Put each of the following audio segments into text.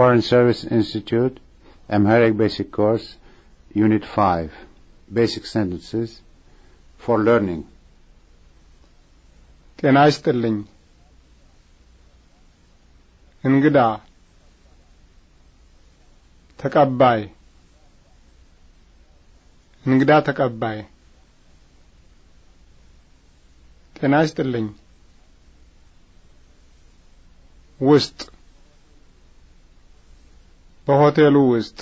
Foreign Service Institute, Amharic Basic Course, Unit 5, Basic Sentences for Learning. ጤና ይስጥልኝ። እንግዳ ተቀባይ እንግዳ ተቀባይ ጤና ይስጥልኝ ውስጥ በሆቴሉ ውስጥ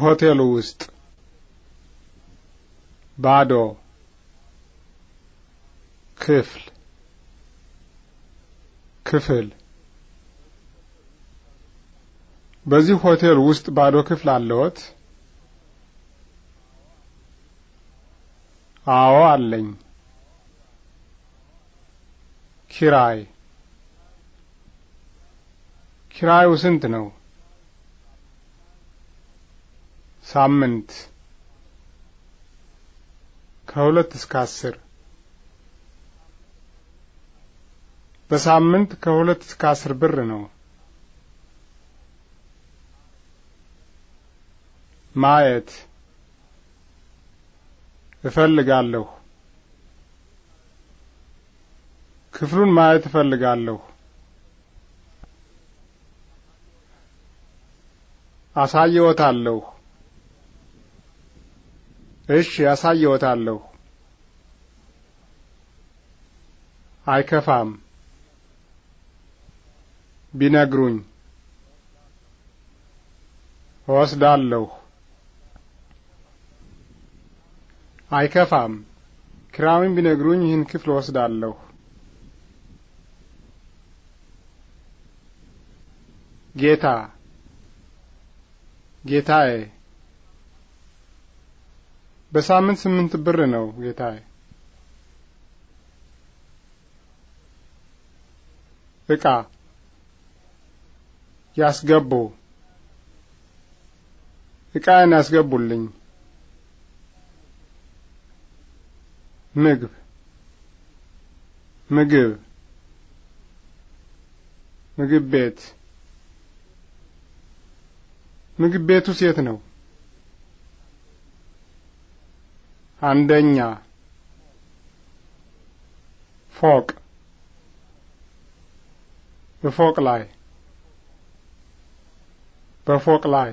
ሆቴሉ ውስጥ ባዶ ክፍል ክፍል በዚህ ሆቴል ውስጥ ባዶ ክፍል አለዎት? አዎ አለኝ። ኪራይ ኪራዩ ስንት ነው? ሳምንት ከሁለት እስከ አስር በሳምንት ከሁለት እስከ አስር ብር ነው። ማየት እፈልጋለሁ። ክፍሉን ማየት እፈልጋለሁ። አሳየዎታለሁ። እሺ፣ አሳየዎታለሁ። አይከፋም ቢነግሩኝ እወስዳለሁ። አይከፋም ክራምን ቢነግሩኝ ይህን ክፍል እወስዳለሁ። ጌታ ጌታዬ በሳምንት ስምንት ብር ነው ጌታዬ። እቃ ያስገቡ እቃን ያስገቡልኝ። ምግብ ምግብ ምግብ ቤት ምግብ ቤቱ ሴት ነው። አንደኛ ፎቅ በፎቅ ላይ በፎቅ ላይ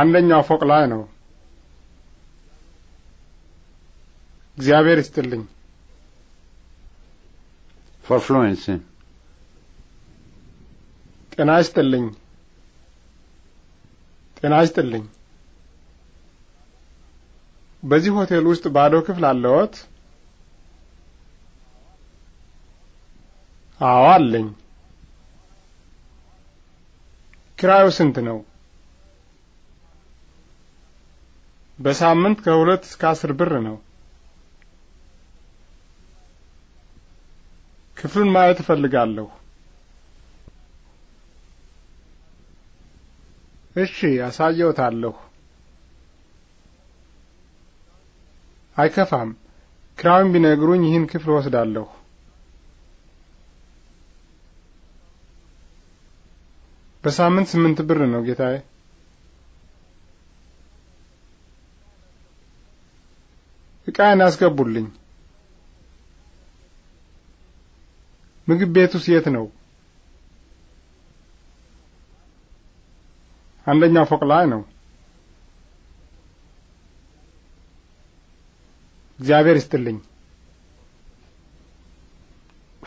አንደኛው ፎቅ ላይ ነው። እግዚአብሔር ይስጥልኝ። ፎር ፍሉዌንሲ ጤና ይስጥልኝ። ጤና ይስጥልኝ። በዚህ ሆቴል ውስጥ ባዶ ክፍል አለዎት? አዎ አለኝ። ኪራዩ ስንት ነው? በሳምንት ከሁለት እስከ አስር ብር ነው። ክፍሉን ማየት እፈልጋለሁ። እሺ አሳየውታለሁ። አይከፋም። ክራውን ቢነግሩኝ ይህን ክፍል ወስዳለሁ። በሳምንት ስምንት ብር ነው ጌታዬ። እቃዬን አስገቡልኝ። ምግብ ቤቱስ የት ነው? አንደኛው ፎቅ ላይ ነው። እግዚአብሔር ይስጥልኝ።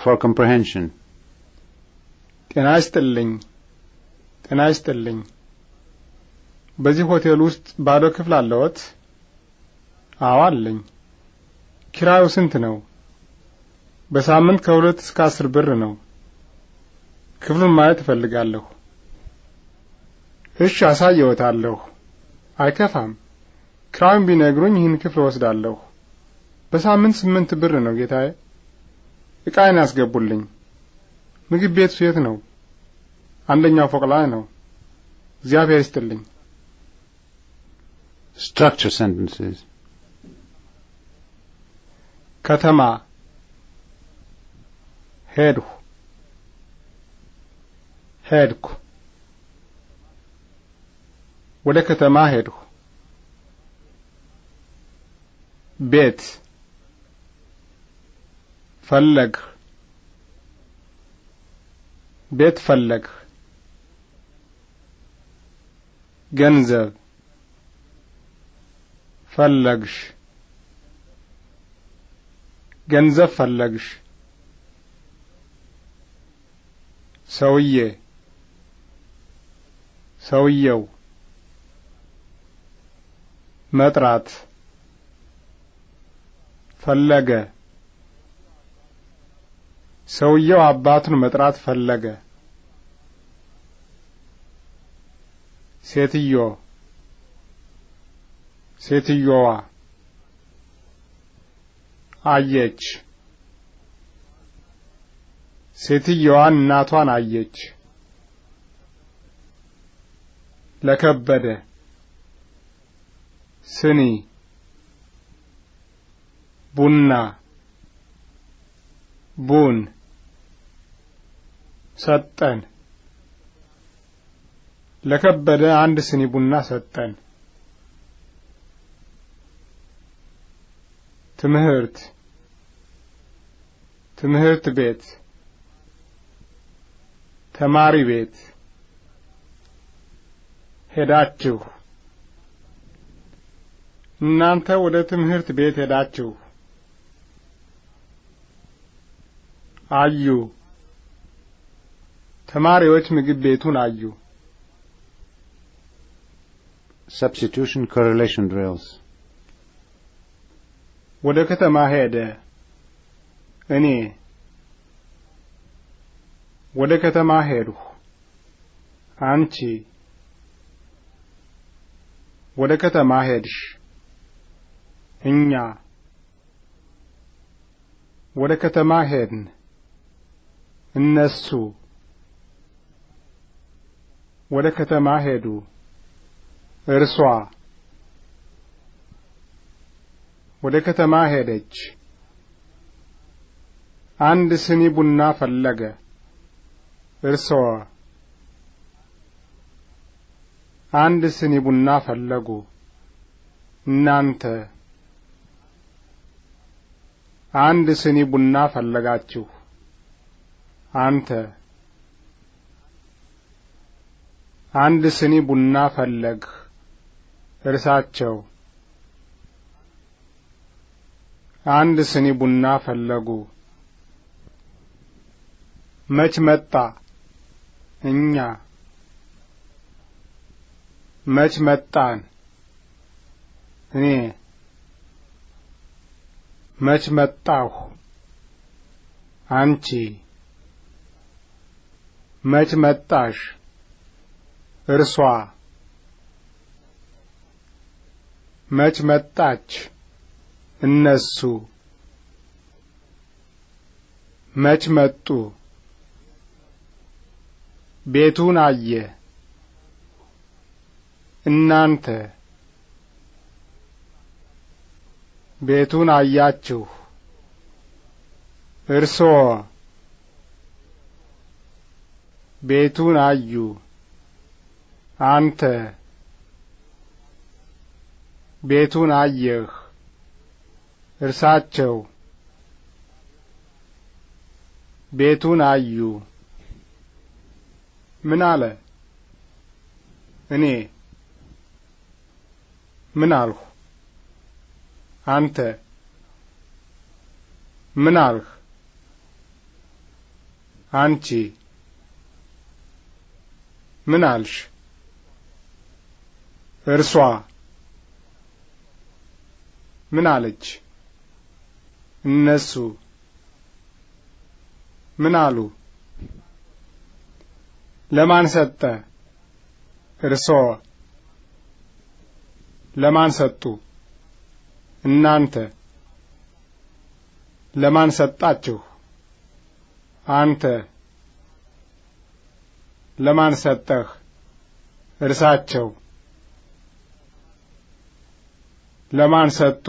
for comprehension ጤና ይስጥልኝ። ጤና ይስጥልኝ። በዚህ ሆቴል ውስጥ ባዶ ክፍል አለዎት? አዎ አለኝ። ኪራዩ ስንት ነው? በሳምንት ከሁለት እስከ አስር ብር ነው። ክፍሉን ማየት እፈልጋለሁ። እሺ አሳየዎታለሁ። አይከፋም። ክራዩን ቢነግሩኝ ይህን ክፍል ወስዳለሁ። በሳምንት ስምንት ብር ነው ጌታዬ። እቃዬን አስገቡልኝ። ምግብ ቤቱ የት ነው? አንደኛው ፎቅ ላይ ነው። እግዚአብሔር ይስጥልኝ። structure sentences ከተማ ሄድሁ ሄድኩ ወደ ከተማ ሄድሁ። ቤት ፈለግህ፣ ቤት ፈለግህ። ገንዘብ ፈለግሽ፣ ገንዘብ ፈለግሽ። ሰውዬ ሰውየው መጥራት ፈለገ። ሰውየው አባቱን መጥራት ፈለገ። ሴትዮ ሴትዮዋ አየች። ሴትዮዋ እናቷን አየች። ለከበደ ስኒ ቡና ቡን ሰጠን። ለከበደ አንድ ስኒ ቡና ሰጠን። ትምህርት ትምህርት ቤት ተማሪ ቤት ሄዳችሁ እናንተ ወደ ትምህርት ቤት ሄዳችሁ አዩ። ተማሪዎች ምግብ ቤቱን አዩ። Substitution correlation drills ወደ ከተማ ሄደ። እኔ ወደ ከተማ ሄድሁ። አንቺ ወደ ከተማ ሄድሽ። እኛ ወደ ከተማ ሄድን። እነሱ ወደ ከተማ ሄዱ። እርሷ ወደ ከተማ ሄደች። አንድ ስኒ ቡና ፈለገ። እርስዎ አንድ ስኒ ቡና ፈለጉ። እናንተ አንድ ስኒ ቡና ፈለጋችሁ። አንተ አንድ ስኒ ቡና ፈለግህ። እርሳቸው አንድ ስኒ ቡና ፈለጉ። መች መጣ? እኛ መች መጣን? እኔ መች መጣሁ አንቺ መች መጣሽ እርሷ መች መጣች እነሱ መች መጡ ቤቱን አየ እናንተ ቤቱን አያችሁ። እርሶ ቤቱን አዩ። አንተ ቤቱን አየህ። እርሳቸው ቤቱን አዩ። ምን አለ? እኔ ምን አልሁ? አንተ ምን አልህ? አንቺ ምን አልሽ? እርሷ ምን አለች? እነሱ ምን አሉ? ለማን ሰጠ? እርሶ ለማን ሰጡ? እናንተ ለማን ሰጣችሁ? አንተ ለማን ሰጠህ? እርሳቸው ለማን ሰጡ?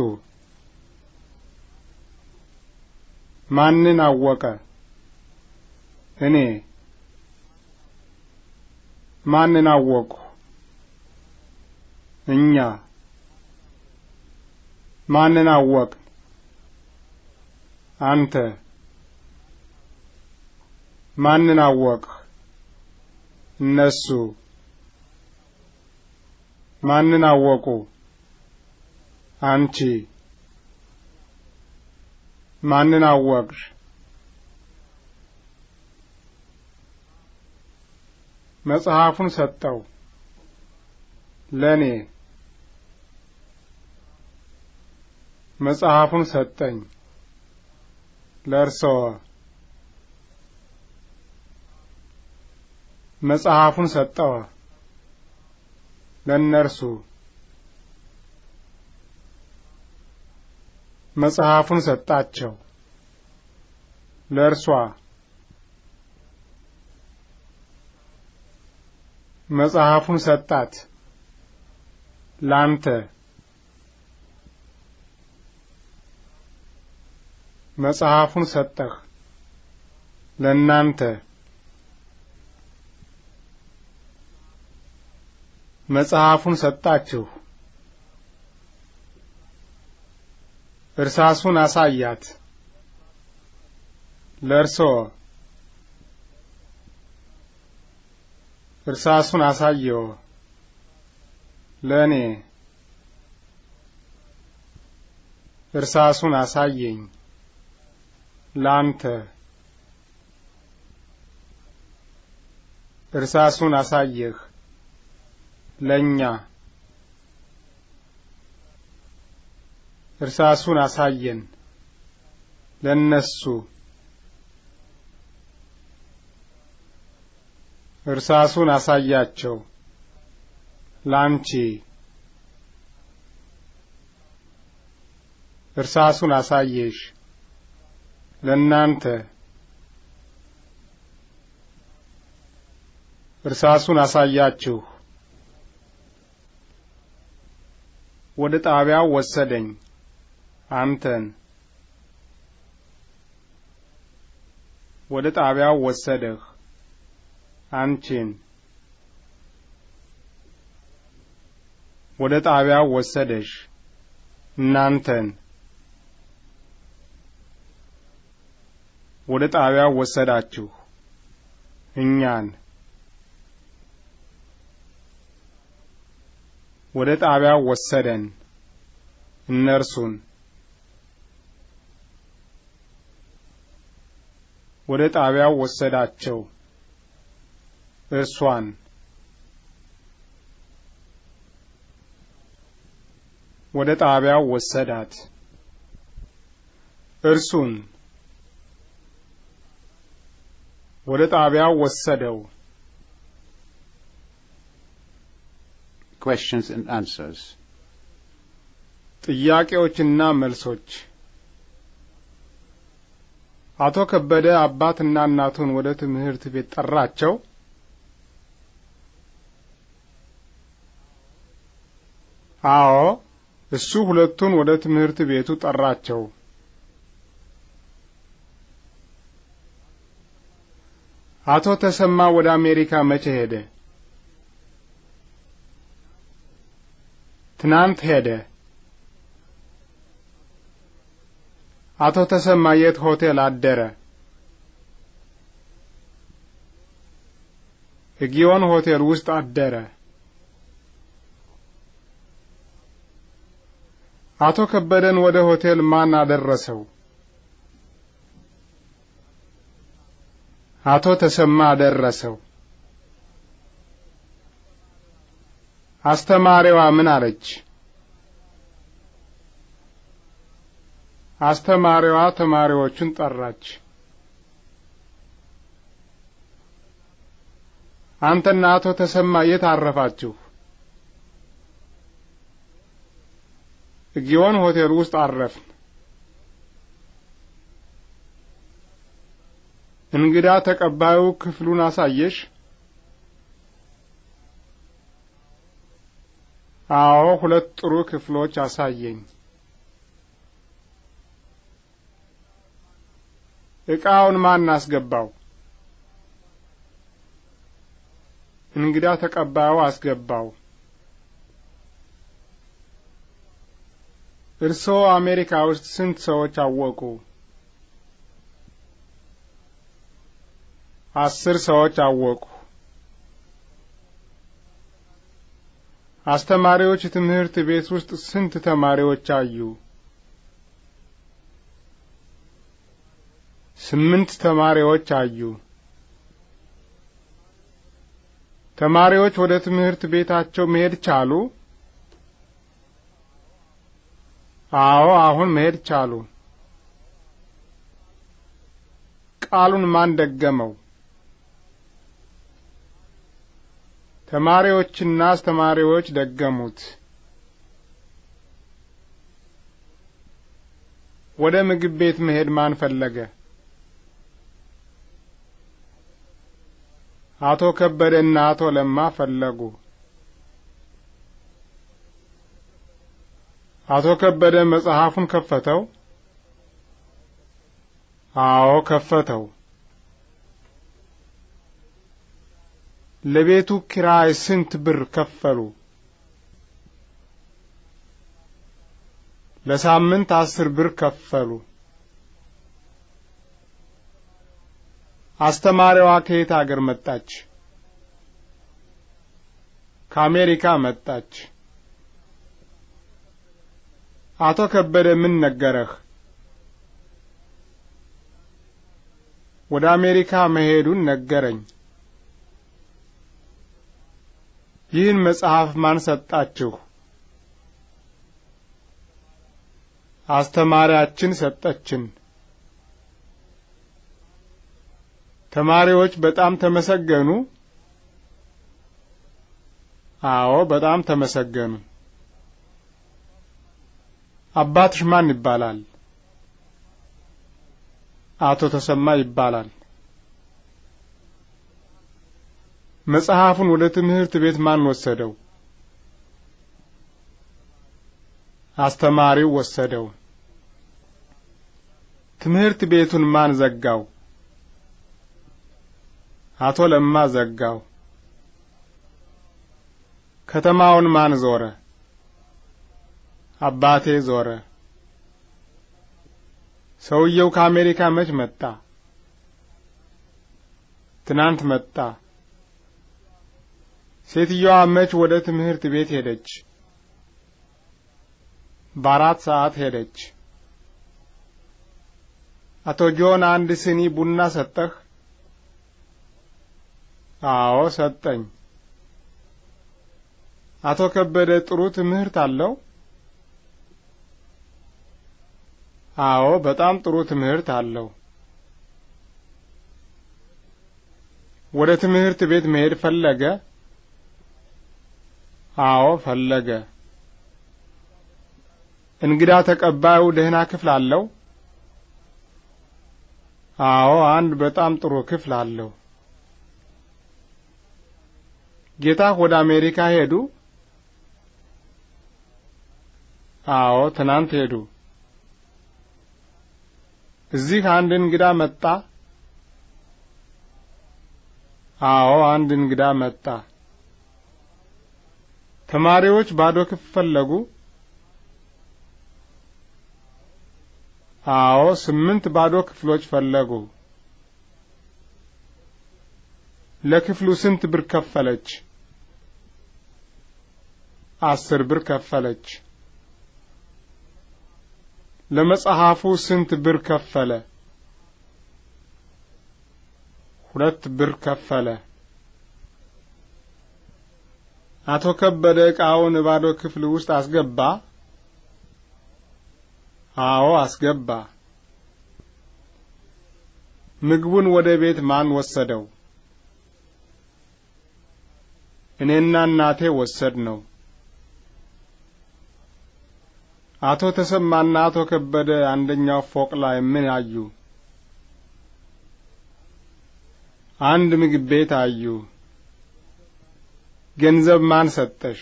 ማንን አወቀ? እኔ ማንን አወቅሁ? እኛ ማንን አወቅ? አንተ ማንን አወቅ እነሱ ማንን አወቁ? አንቺ ማንን አወቅሽ? መጽሐፉን ሰጠው ለእኔ መጽሐፉን ሰጠኝ። ለእርስዎ መጽሐፉን ሰጠዋ። ለእነርሱ መጽሐፉን ሰጣቸው። ለእርሷ መጽሐፉን ሰጣት። ላንተ መጽሐፉን ሰጠህ ለእናንተ መጽሐፉን ሰጣችሁ። እርሳሱን አሳያት ለእርስዎ እርሳሱን አሳየው ለእኔ እርሳሱን አሳየኝ። ላንተ። እርሳሱን አሳየህ ለእኛ እርሳሱን አሳየን ለነሱ እርሳሱን አሳያቸው ላንቺ እርሳሱን አሳየሽ ለእናንተ እርሳሱን አሳያችሁ። ወደ ጣቢያው ወሰደኝ። አንተን ወደ ጣቢያው ወሰደህ። አንቺን ወደ ጣቢያው ወሰደሽ። እናንተን ወደ ጣቢያው ወሰዳችሁ። እኛን ወደ ጣቢያው ወሰደን። እነርሱን ወደ ጣቢያው ወሰዳቸው። እርሷን ወደ ጣቢያው ወሰዳት። እርሱን ወደ ጣቢያው ወሰደው። questions and answers ጥያቄዎችና መልሶች አቶ ከበደ አባትና እናቱን ወደ ትምህርት ቤት ጠራቸው። አዎ፣ እሱ ሁለቱን ወደ ትምህርት ቤቱ ጠራቸው። አቶ ተሰማ ወደ አሜሪካ መቼ ሄደ? ትናንት ሄደ። አቶ ተሰማ የት ሆቴል አደረ? እጊዮን ሆቴል ውስጥ አደረ። አቶ ከበደን ወደ ሆቴል ማን አደረሰው? አቶ ተሰማ ደረሰው። አስተማሪዋ ምን አለች? አስተማሪዋ ተማሪዎቹን ጠራች። አንተና አቶ ተሰማ የት አረፋችሁ? ጊዮን ሆቴል ውስጥ አረፍን። እንግዳ ተቀባዩ ክፍሉን አሳየሽ? አዎ፣ ሁለት ጥሩ ክፍሎች አሳየኝ። ዕቃውን ማን አስገባው? እንግዳ ተቀባዩ አስገባው። እርስዎ አሜሪካ ውስጥ ስንት ሰዎች አወቁ? አስር ሰዎች አወቁ። አስተማሪዎች ትምህርት ቤት ውስጥ ስንት ተማሪዎች አዩ? ስምንት ተማሪዎች አዩ። ተማሪዎች ወደ ትምህርት ቤታቸው መሄድ ቻሉ? አዎ፣ አሁን መሄድ ቻሉ። ቃሉን ማን ደገመው? ተማሪዎችና አስተማሪዎች ደገሙት። ወደ ምግብ ቤት መሄድ ማን ፈለገ? አቶ ከበደ እና አቶ ለማ ፈለጉ። አቶ ከበደ መጽሐፉን ከፈተው? አዎ ከፈተው። ለቤቱ ኪራይ ስንት ብር ከፈሉ? ለሳምንት አስር ብር ከፈሉ። አስተማሪዋ ከየት አገር መጣች? ከአሜሪካ መጣች። አቶ ከበደ ምን ነገረህ? ወደ አሜሪካ መሄዱን ነገረኝ። ይህን መጽሐፍ ማን ሰጣችሁ? አስተማሪያችን ሰጠችን። ተማሪዎች በጣም ተመሰገኑ። አዎ፣ በጣም ተመሰገኑ። አባትሽ ማን ይባላል? አቶ ተሰማ ይባላል። መጽሐፉን ወደ ትምህርት ቤት ማን ወሰደው? አስተማሪው ወሰደው። ትምህርት ቤቱን ማን ዘጋው? አቶ ለማ ዘጋው። ከተማውን ማን ዞረ? አባቴ ዞረ። ሰውየው ከአሜሪካ መች መጣ? ትናንት መጣ። ሴትየዋ መች ወደ ትምህርት ቤት ሄደች? በአራት ሰዓት ሄደች። አቶ ጆን አንድ ስኒ ቡና ሰጠህ? አዎ ሰጠኝ። አቶ ከበደ ጥሩ ትምህርት አለው? አዎ በጣም ጥሩ ትምህርት አለው። ወደ ትምህርት ቤት መሄድ ፈለገ? አዎ ፈለገ። እንግዳ ተቀባዩ ደህና ክፍል አለው? አዎ አንድ በጣም ጥሩ ክፍል አለው። ጌታህ ወደ አሜሪካ ሄዱ? አዎ ትናንት ሄዱ። እዚህ አንድ እንግዳ መጣ? አዎ አንድ እንግዳ መጣ። ተማሪዎች ባዶ ክፍል ፈለጉ? አዎ፣ ስምንት ባዶ ክፍሎች ፈለጉ። ለክፍሉ ስንት ብር ከፈለች? አስር ብር ከፈለች። ለመጽሐፉ ስንት ብር ከፈለ? ሁለት ብር ከፈለ። አቶ ከበደ ዕቃውን ባዶ ክፍል ውስጥ አስገባ? አዎ አስገባ። ምግቡን ወደ ቤት ማን ወሰደው? እኔና እናቴ ወሰድ ነው። አቶ ተሰማና አቶ ከበደ አንደኛው ፎቅ ላይ ምን አዩ? አንድ ምግብ ቤት አዩ። ገንዘብ ማን ሰጠሽ?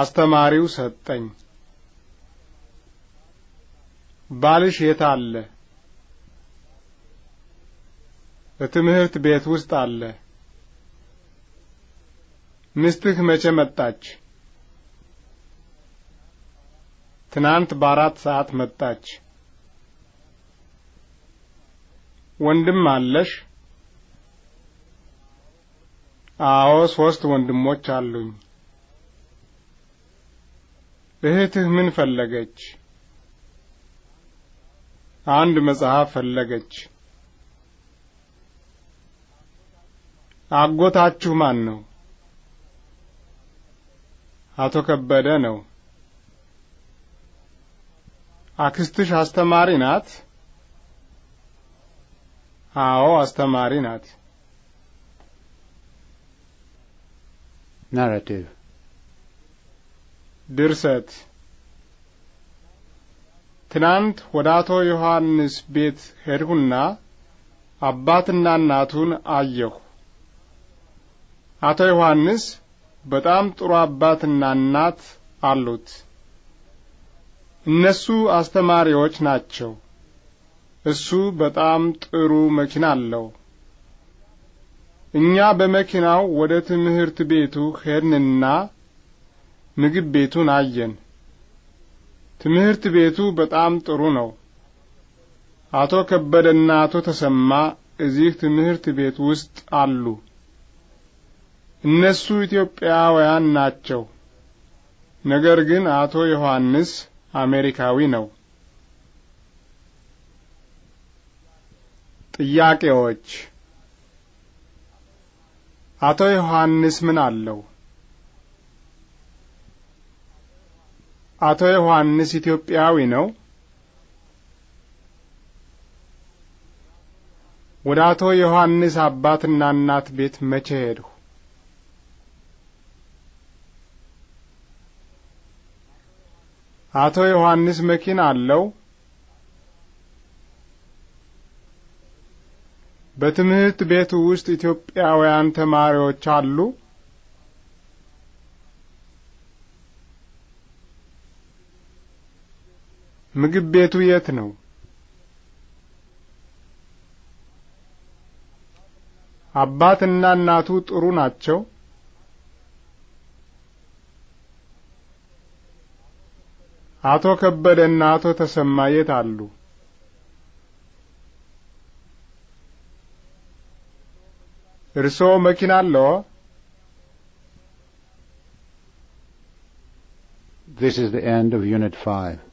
አስተማሪው ሰጠኝ። ባልሽ የት አለ? በትምህርት ቤት ውስጥ አለ። ምስትህ መቼ መጣች? ትናንት በአራት ሰዓት መጣች። ወንድም አለሽ? አዎ ሶስት ወንድሞች አሉኝ። እህትህ ምን ፈለገች? አንድ መጽሐፍ ፈለገች። አጎታችሁ ማን ነው? አቶ ከበደ ነው። አክስትሽ አስተማሪ ናት? አዎ አስተማሪ ናት። ናራቲቭ ድርሰት ትናንት ወደ አቶ ዮሐንስ ቤት ሄድሁና አባትና እናቱን አየሁ። አቶ ዮሐንስ በጣም ጥሩ አባትና እናት አሉት። እነሱ አስተማሪዎች ናቸው። እሱ በጣም ጥሩ መኪና አለው። እኛ በመኪናው ወደ ትምህርት ቤቱ ሄድንና ምግብ ቤቱን አየን። ትምህርት ቤቱ በጣም ጥሩ ነው። አቶ ከበደና አቶ ተሰማ እዚህ ትምህርት ቤት ውስጥ አሉ። እነሱ ኢትዮጵያውያን ናቸው። ነገር ግን አቶ ዮሐንስ አሜሪካዊ ነው። ጥያቄዎች አቶ ዮሐንስ ምን አለው? አቶ ዮሐንስ ኢትዮጵያዊ ነው? ወደ አቶ ዮሐንስ አባትና እናት ቤት መቼ ሄድሁ? አቶ ዮሐንስ መኪና አለው? በትምህርት ቤቱ ውስጥ ኢትዮጵያውያን ተማሪዎች አሉ? ምግብ ቤቱ የት ነው? አባትና እናቱ ጥሩ ናቸው? አቶ ከበደና አቶ ተሰማ የት አሉ? እርስዎ መኪና አለዎ? This is the end of Unit 5.